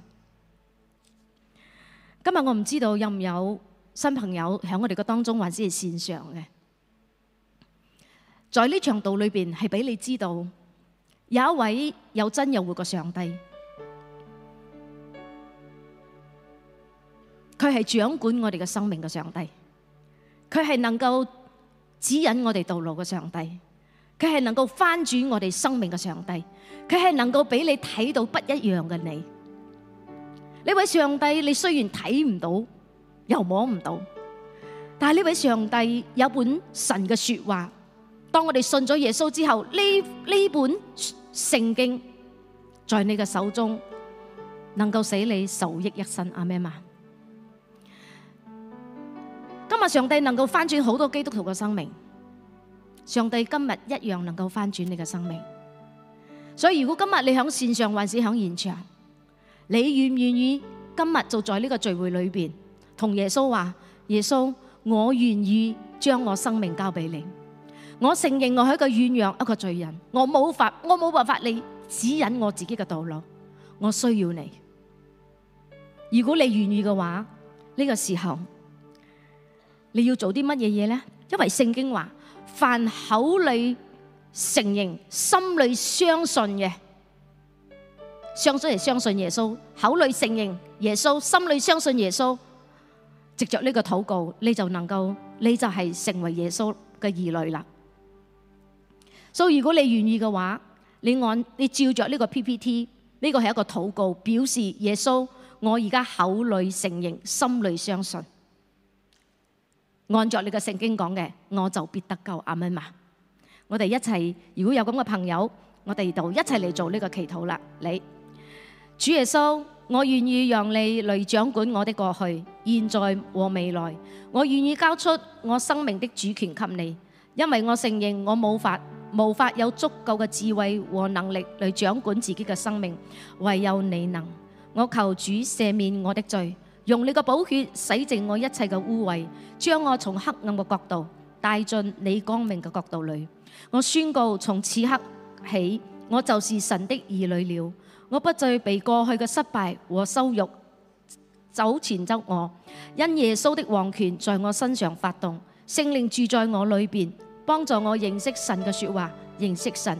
今日我唔知道有唔有新朋友喺我哋嘅當中，或者係線上嘅。在呢場道裏邊，係俾你知道有一位有真有活嘅上帝。佢係掌管我哋嘅生命嘅上帝，佢係能夠指引我哋道路嘅上帝，佢係能夠翻轉我哋生命嘅上帝，佢係能夠俾你睇到不一樣嘅你。呢位上帝，你雖然睇唔到，又摸唔到，但係呢位上帝有本神嘅說話。當我哋信咗耶穌之後，呢呢本聖經在你嘅手中，能夠使你受益一生。阿門嘛。今日上帝能夠翻轉好多基督徒嘅生命，上帝今日一樣能夠翻轉你嘅生命。所以如果今日你響線上還是響現場，你願唔願意今日就在呢個聚會裏邊同耶穌話：耶穌，我願意將我生命交俾你。我承認我係一個軟弱、一個罪人，我冇法，我冇辦法，你指引我自己嘅道路，我需要你。如果你願意嘅話，呢個時候。你要做啲乜嘢嘢咧？因為聖經話，凡口裏承認、心裏相信嘅，相信係相信耶穌，口裏承認耶穌，心裏相信耶穌，藉着呢個禱告，你就能夠，你就係成為耶穌嘅兒女啦。所以如果你願意嘅話，你按你照着呢個 PPT，呢個係一個禱告，表示耶穌，我而家口裏承認、心裏相信。按照你嘅聖經講嘅，我就必得救。阿們嘛，我哋一齊，如果有咁嘅朋友，我哋就一齊嚟做呢個祈禱啦。你主耶穌，我願意讓你嚟掌管我的過去、現在和未來。我願意交出我生命的主權給你，因為我承認我冇法冇法有足夠嘅智慧和能力嚟掌管自己嘅生命，唯有你能。我求主赦免我的罪。用你的寶血洗淨我一切嘅污穢，將我從黑暗嘅角度帶進你光明嘅角度裏。我宣告從此刻起，我就是神的兒女了。我不再被過去嘅失敗和羞辱糾纏着我，因耶穌的王權在我身上發動，聖靈住在我裏邊，幫助我認識神嘅說話，認識神，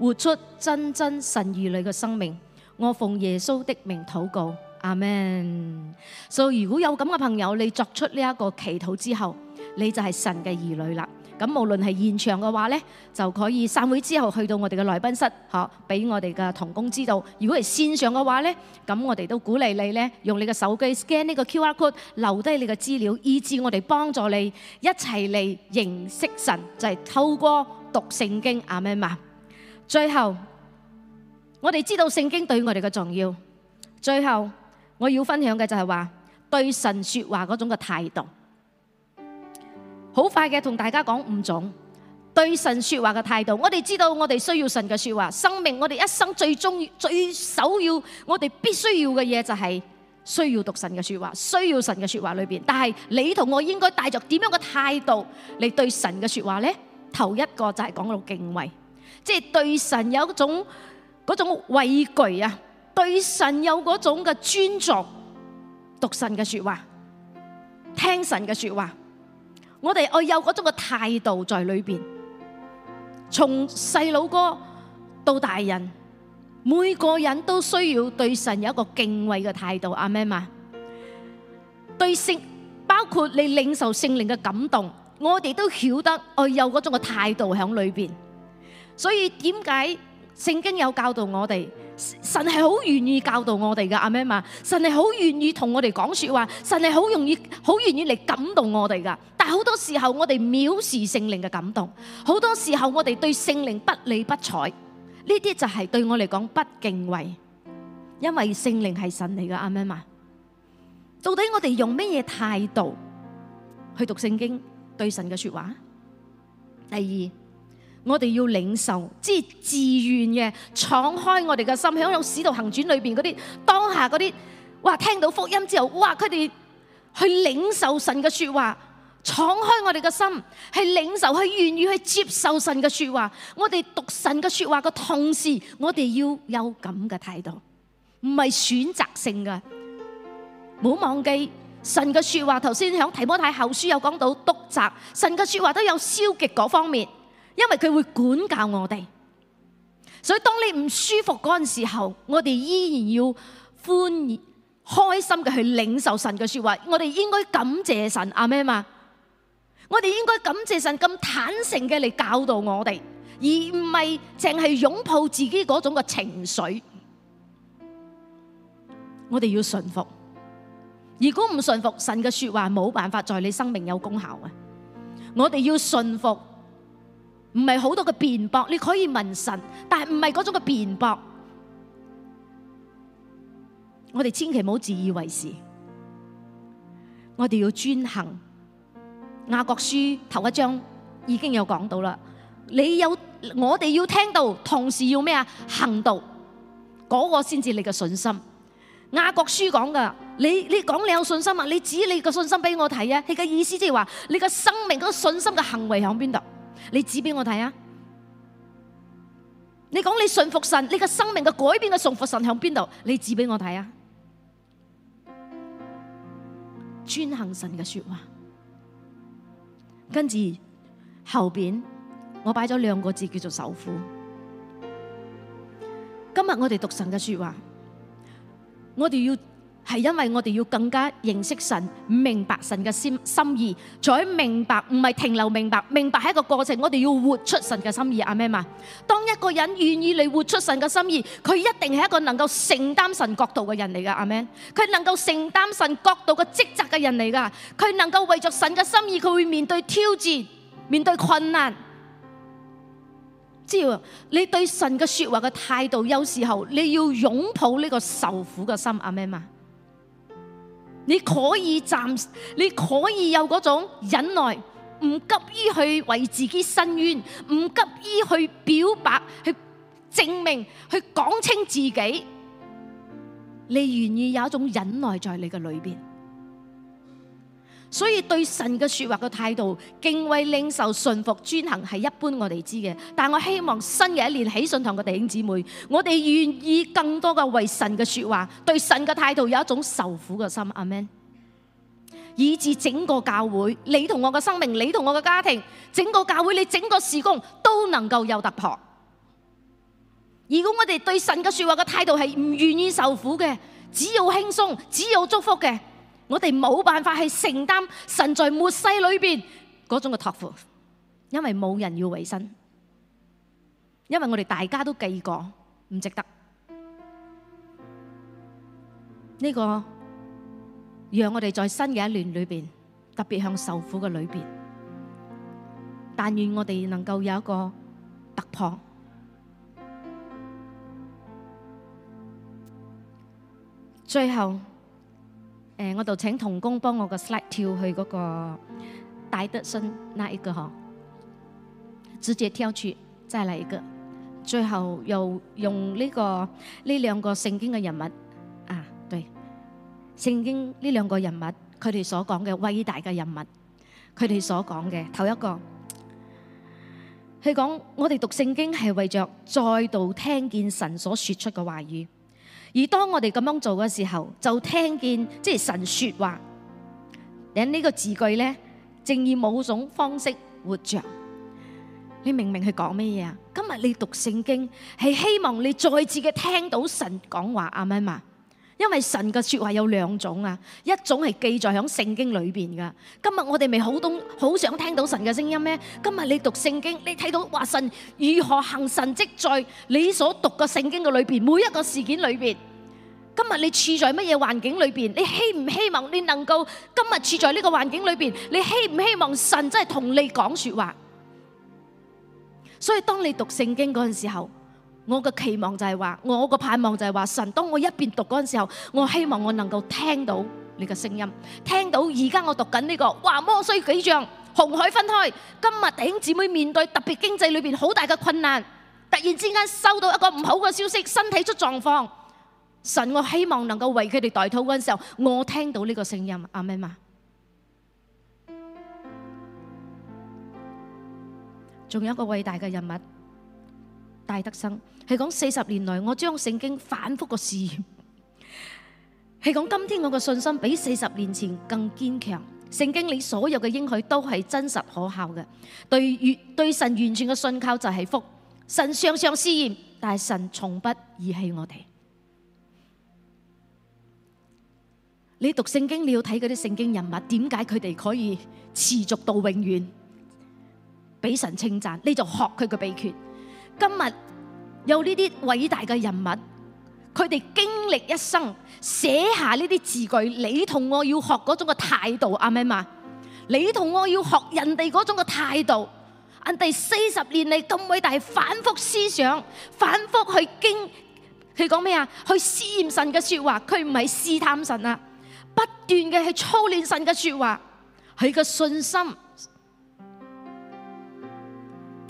活出真真神兒女嘅生命。我奉耶穌的名禱告。阿門。所以如果有咁嘅朋友，你作出呢一個祈禱之後，你就係神嘅兒女啦。咁無論係現場嘅話咧，就可以散會之後去到我哋嘅來賓室，嗬，俾我哋嘅同工知道。如果係線上嘅話咧，咁我哋都鼓勵你咧，用你嘅手機 scan 呢個 QR code，留低你嘅資料，以致我哋幫助你一齊嚟認識神，就係透過讀聖經。阿門嘛。最後，我哋知道聖經對我哋嘅重要。最後。我要分享嘅就係話對神說話嗰種嘅態度，好快嘅同大家講五種對神說話嘅態度。我哋知道我哋需要神嘅說話，生命我哋一生最重要、最首要、我哋必須要嘅嘢就係需要讀神嘅說話，需要神嘅說話裏邊。但係你同我應該帶着點樣嘅態度嚟對神嘅說話呢？頭一個就係講到敬畏，即係對神有一種嗰種畏懼啊！對神有嗰種嘅尊重，讀神嘅說話，聽神嘅說話，我哋愛有嗰種嘅態度在裏邊。從細佬哥到大人，每個人都需要對神有一個敬畏嘅態度。阿們嘛，對聖，包括你領受聖靈嘅感動，我哋都曉得愛有嗰種嘅態度喺裏邊。所以點解？聖經有教導我哋，神係好願意教導我哋㗎，阿咩嘛，神係好願意同我哋講說話，神係好容易，好願意嚟感動我哋㗎。但係好多時候我哋藐視聖靈嘅感動，好多時候我哋對聖靈不理不睬，呢啲就係對我嚟講不敬畏，因為聖靈係神嚟㗎，阿咩嘛。到底我哋用咩嘢態度去讀聖經、對神嘅說話？第二。我哋要領受，即係自願嘅，敞開我哋嘅心。喺《使徒行傳》裏邊嗰啲當下嗰啲，哇！聽到福音之後，哇！佢哋去領受神嘅說話，敞開我哋嘅心，係領受，係願意去接受神嘅說話。我哋讀神嘅說話嘅同時，我哋要有咁嘅態度，唔係選擇性嘅。唔好忘記神嘅說話，頭先喺提摩太後書有講到督責，神嘅說話都有消極嗰方面。因為佢會管教我哋，所以當你唔舒服嗰陣時候，我哋依然要歡迎開心嘅去領受神嘅說話。我哋應該感謝神，阿咩嘛，我哋應該感謝神咁坦誠嘅嚟教導我哋，而唔係淨係擁抱自己嗰種嘅情緒。我哋要順服，如果唔順服，神嘅說話冇辦法在你生命有功效。我哋要順服。唔係好多嘅辯駁，你可以問神，但係唔係嗰種嘅辯駁。我哋千祈唔好自以為是，我哋要遵行雅各書頭一章已經有講到啦。你有我哋要聽到，同時要咩啊行道，嗰個先至你嘅信心。雅各書講噶，你你講你有信心啊，你指你個信心俾我睇啊，你嘅意思即係話你嘅生命嗰個信心嘅行為喺邊度？你指俾我睇啊！你講你信服神，你個生命嘅改變嘅信服神響邊度？你指俾我睇啊！遵行神嘅說話，跟住後邊我擺咗兩個字叫做「首富」。今日我哋讀神嘅說話，我哋要。係因為我哋要更加認識神，明白神嘅心意，再明白唔係停留明白，明白係一個過程。我哋要活出神嘅心意。阿咩嘛，當一個人願意嚟活出神嘅心意，佢一定係一個能夠承擔神國度嘅人嚟噶。阿咩，佢能夠承擔神國度嘅職責嘅人嚟噶，佢能夠為着神嘅心意，佢會面對挑戰，面對困難。只要你對神嘅說話嘅態度，有時候你要擁抱呢個受苦嘅心。阿咩嘛。你可以暫時，你可以有嗰種忍耐，唔急於去為自己申冤，唔急於去表白，去證明，去講清自己。你願意有一種忍耐在你嘅裏面。所以對神嘅說話嘅態度，敬畏、領受、順服、遵行，係一般我哋知嘅，但我希望新嘅一年喜信堂嘅弟兄姊妹，我哋願意更多嘅為神嘅說話，對神嘅態度有一種受苦嘅心，阿門。以至整個教會，你同我嘅生命，你同我嘅家庭，整個教會，你整個事工，都能夠有突破。如果我哋對神嘅說話嘅態度係唔願意受苦嘅，只要輕鬆，只要祝福嘅。我哋冇辦法去承擔神在末世裏邊嗰種嘅託付，因為冇人要維生，因為我哋大家都計過唔值得。呢個讓我哋在新嘅一年裏邊，特別向受苦嘅裏邊，但願我哋能夠有一個突破。最後。誒，我就請同工幫我個 slide 跳去嗰個戴德生那一個嗬，直接跳出，再來一個，最後又用呢個呢兩個聖經嘅人物啊，對，聖經呢兩個人物，佢哋所講嘅偉大嘅人物，佢哋所講嘅，頭一個，佢講我哋讀聖經係為着再度聽見神所說出嘅話語。而當我哋這樣做的時候，就聽見即是神說話，這個字句呢，正以某種方式活着。你明明係講咩嘢啊？今日你讀聖經，是希望你再次嘅聽到神說話啊？嘛嘛。因為神嘅說話有兩種啊，一種係記載喺聖經裏邊噶。今日我哋咪好東好想聽到神嘅聲音咩？今日你讀聖經，你睇到話神如何行神蹟在你所讀嘅聖經嘅裏邊，每一個事件裏邊。今日你處在乜嘢環境裏邊？你希唔希望你能夠今日處在呢個環境裏邊？你希唔希望神真係同你講說話？所以當你讀聖經嗰陣時候，我嘅期望就係話，我嘅盼望就係話，神，當我一邊讀嗰陣時候，我希望我能夠聽到你嘅聲音，聽到而家我讀緊呢個，哇，摩西幾仗，紅海分開，今日弟兄姊妹面對特別經濟裏邊好大嘅困難，突然之間收到一個唔好嘅消息，身體出狀況，神，我希望能夠為佢哋代禱嗰陣時候，我聽到呢個聲音，阿媽咪嘛，仲有一個偉大嘅人物。戴德生係講，四十年來，我將聖經反覆個試驗，係講今天我個信心比四十年前更堅強。聖經裏所有嘅應許都係真實可靠嘅，對完對神完全嘅信靠就係福。神常常試驗，但係神從不遺棄我哋。你讀聖經，你要睇嗰啲聖經人物，點解佢哋可以持續到永遠，俾神稱讚，你就學佢嘅秘訣。今日有呢啲偉大嘅人物，佢哋經歷一生寫下呢啲字句，你同我要學嗰種嘅態度啱唔啱？你同我要學人哋嗰種嘅態度，人哋四十年嚟咁偉大，反復思想，反復去經，佢講咩啊？去試驗神嘅說話，佢唔係試探神啊，不斷嘅去操練神嘅說話，佢嘅信心。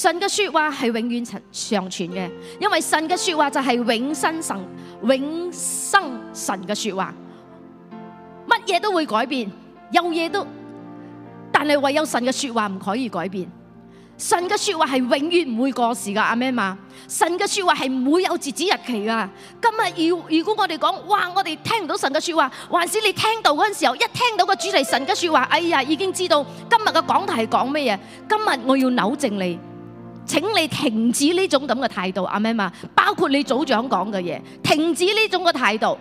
神嘅說話係永遠存常存嘅，因為神嘅說話就係永生神永生神嘅說話，乜嘢都會改變，有嘢都，但係唯有神嘅說話唔可以改變。神嘅說話係永遠唔會過時噶，阿媽嘛，神嘅說話係唔會有截止日期噶。今日如如果我哋講哇，我哋聽唔到神嘅說話，還是你聽到嗰陣時候一聽到個主題神嘅說話，哎呀，已經知道今日嘅講題係講咩嘢，今日我要扭正你。請你停止呢種咁嘅態度，阿咩嘛，包括你組長講嘅嘢，停止呢種嘅態度。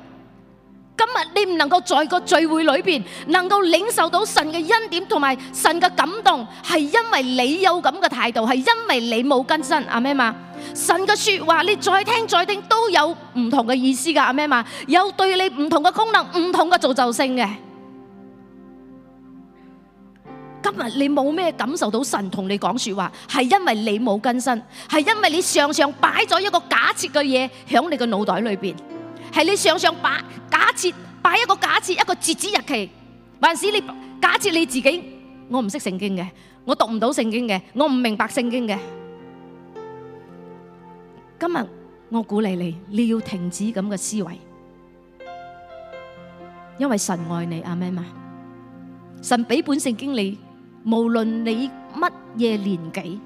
今日你唔能夠在個聚會裏邊能夠領受到神嘅恩典，同埋神嘅感動，係因為你有咁嘅態度，係因為你冇更新，阿咩嘛。神嘅說話你再聽再聽都有唔同嘅意思噶，阿咩嘛，有對你唔同嘅功能，唔同嘅造就性嘅。今日你冇咩感受到神同你講說話，係因為你冇更新，係因為你上上擺咗一個假設嘅嘢喺你個腦袋裏邊，係你上上擺假設擺一個假設一個截止日期，還是你假設你自己？我唔識聖經嘅，我讀唔到聖經嘅，我唔明白聖經嘅。今日我鼓勵你，你要停止咁嘅思維，因為神愛你啊，阿們嘛，神俾本聖經你。無論你乜嘢年紀，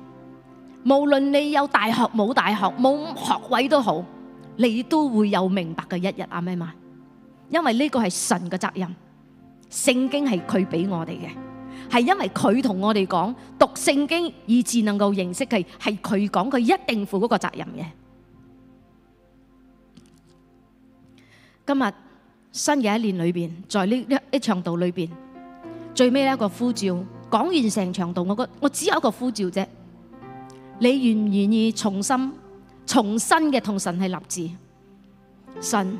無論你有大學冇大學冇學位都好，你都會有明白嘅一日啊咩嘛？因為呢個係神嘅責任，聖經係佢俾我哋嘅，係因為佢同我哋講讀聖經以至能夠認識佢，係佢講佢一定負嗰個責任嘅。今日新嘅一年裏邊，在呢一一場道裏邊，最尾一個呼召。講完成場道，我覺我只有一個呼召啫。你願唔願意重新、重新嘅同神係立志？神，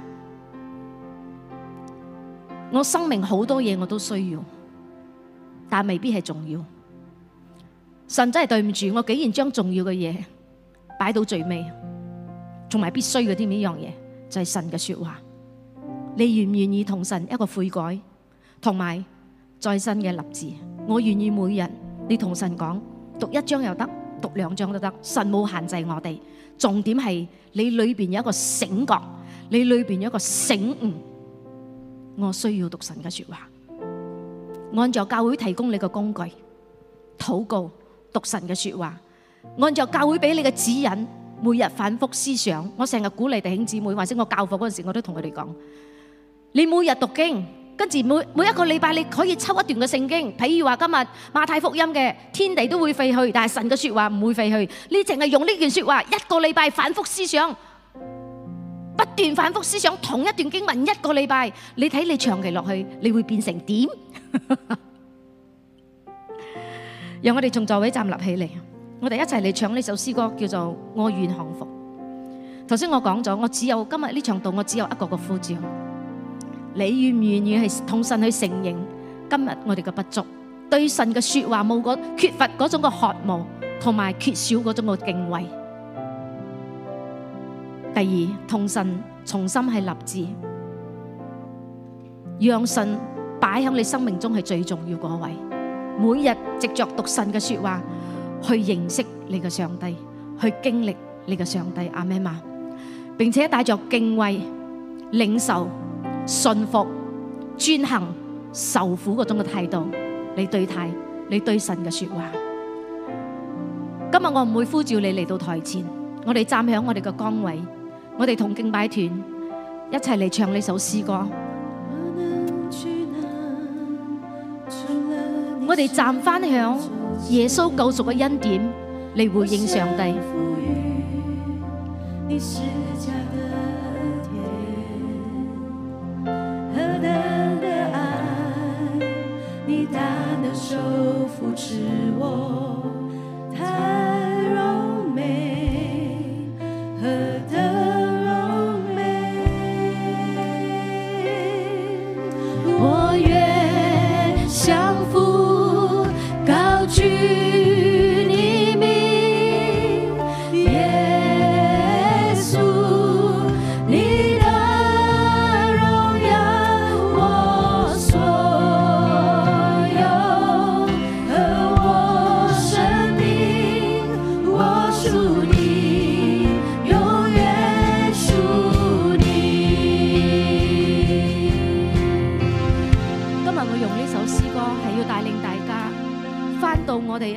我生命好多嘢我都需要，但未必係重要。神真係對唔住，我竟然將重要嘅嘢擺到最尾，同埋必須嘅呢樣嘢就係、是、神嘅說話。你願唔願意同神一個悔改，同埋再新嘅立志？我願意每日你同神講，讀一章又得，讀兩章都得。神冇限制我哋，重點係你裏邊有一個醒覺，你裏邊有一個醒悟。我需要讀神嘅說話，按照教會提供你嘅工具，禱告讀神嘅說話，按照教會俾你嘅指引，每日反覆思想。我成日鼓勵弟兄姊妹，或者我教課嗰陣時，我都同佢哋講：你每日讀經。跟住，每每一個禮拜你可以抽一段嘅聖經，譬如話，今日馬太福音嘅天地都會廢去，但係神嘅說話唔會廢去。你淨係用呢段說話一個禮拜反覆思想，不斷反覆思想同一段經文一個禮拜，你睇你長期落去你會變成點？讓我哋從座位站立起嚟，我哋一齊嚟唱呢首詩歌叫做《我願降服》。頭先我講咗，我只有今日呢場道，我只有一個個呼召。你願唔願意去同神去承認今日我哋嘅不足，對神嘅說話冇嗰缺乏嗰種嘅渴望，同埋缺少嗰種嘅敬畏。第二，同神重新係立志，讓神擺喺你生命中係最重要個位，每日藉着讀神嘅說話，去認識你嘅上帝，去經歷你嘅上帝阿媽瑪，並且帶着敬畏領受，信服、遵行、受苦嗰種嘅態度嚟對待你對神嘅說話。今日我唔會呼召你嚟到台前，我哋站響我哋嘅崗位，我哋同敬拜團一齊嚟唱呢首詩歌。我哋站翻響耶穌救贖嘅恩典嚟回應上帝。不止我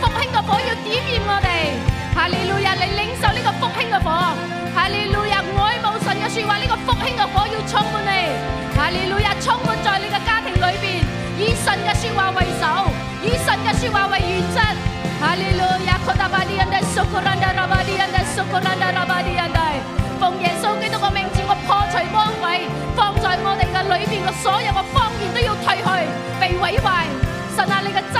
復興嘅火要點燃我哋，哈利路亞嚟，領受呢個復興嘅火，哈利路亞愛慕神嘅說話，呢個復興嘅火要充滿你，哈利路亞充滿在你嘅家庭裏邊，以神嘅說話為首，以神嘅說話為原則，哈利路亞，奉耶穌基督嘅名字，我破除污穢，放在我哋嘅裏面嘅所有嘅謊言都要退去，被毀壞，神啊，你嘅。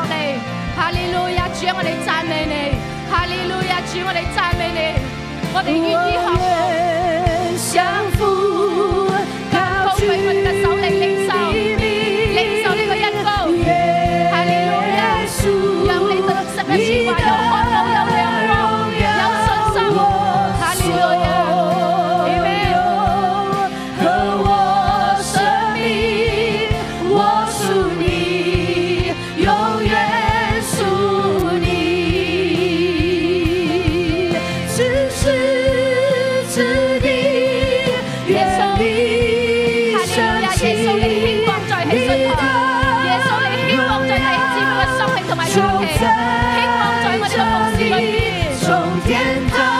哈利路亞，ia，主我哋讚美你！哈利路亞，主我哋讚美你！我哋願意學同享福。高舉我，我們嘅手嚟領受。天堂。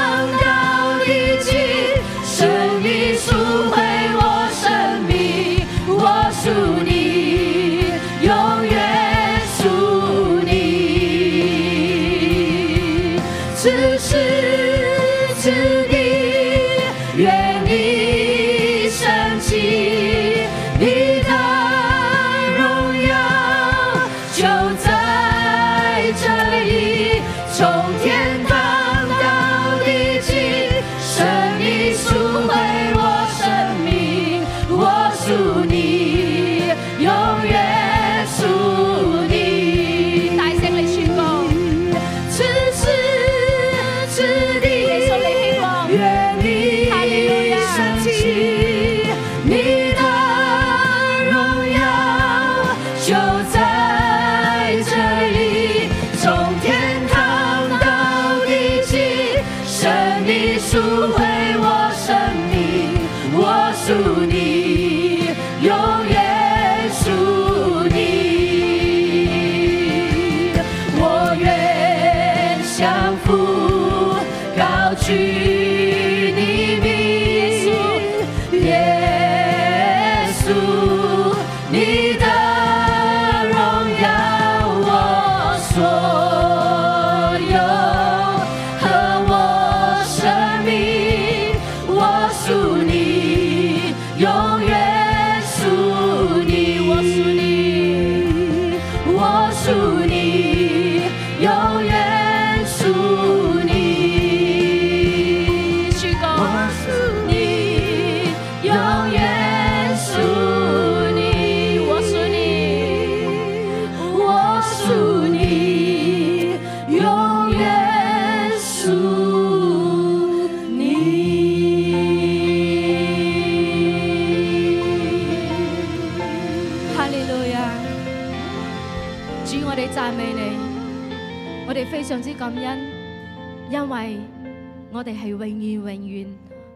我哋係永遠永遠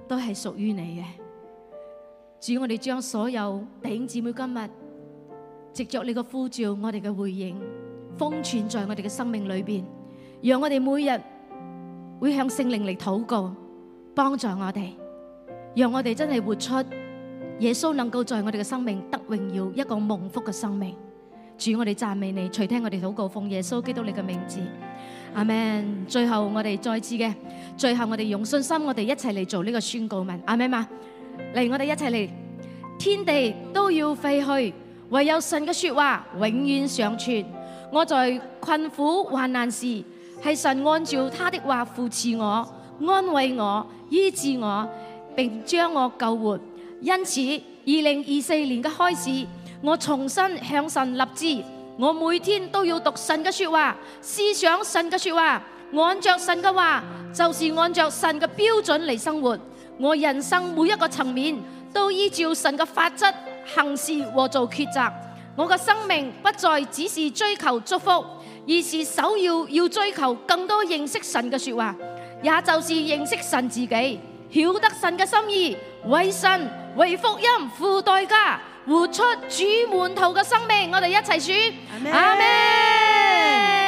都係屬於你嘅，主，我哋將所有弟兄姊妹今日藉着你嘅呼召，我哋嘅回應，封存在我哋嘅生命裏邊，讓我哋每日會向聖靈嚟禱告，幫助我哋，讓我哋真係活出耶穌能夠在我哋嘅生命得榮耀一個蒙福嘅生命。主，我哋讚美你，垂聽我哋禱告，奉耶穌基督你嘅名字。阿們，最後我哋再次嘅，最後我哋用信心，我哋一齊嚟做呢個宣告文，阿們嘛，嚟我哋一齊嚟，天地都要廢去，唯有神嘅說話永遠常存。我在困苦患難時，係神按照他的話扶持我、安慰我、醫治我、並將我救活。因此，二零二四年嘅開始，我重新向神立志。我每天都要讀神嘅說話，思想神嘅說話，按着神嘅話，就是按着神嘅標準嚟生活。我人生每一個層面都依照神嘅法則行事和做抉擇。我嘅生命不再只是追求祝福，而是首要要追求更多認識神嘅說話，也就是認識神自己，曉得神嘅心意，為神，為福音付代價。活出主門徒嘅生命，我哋一齊説，阿們。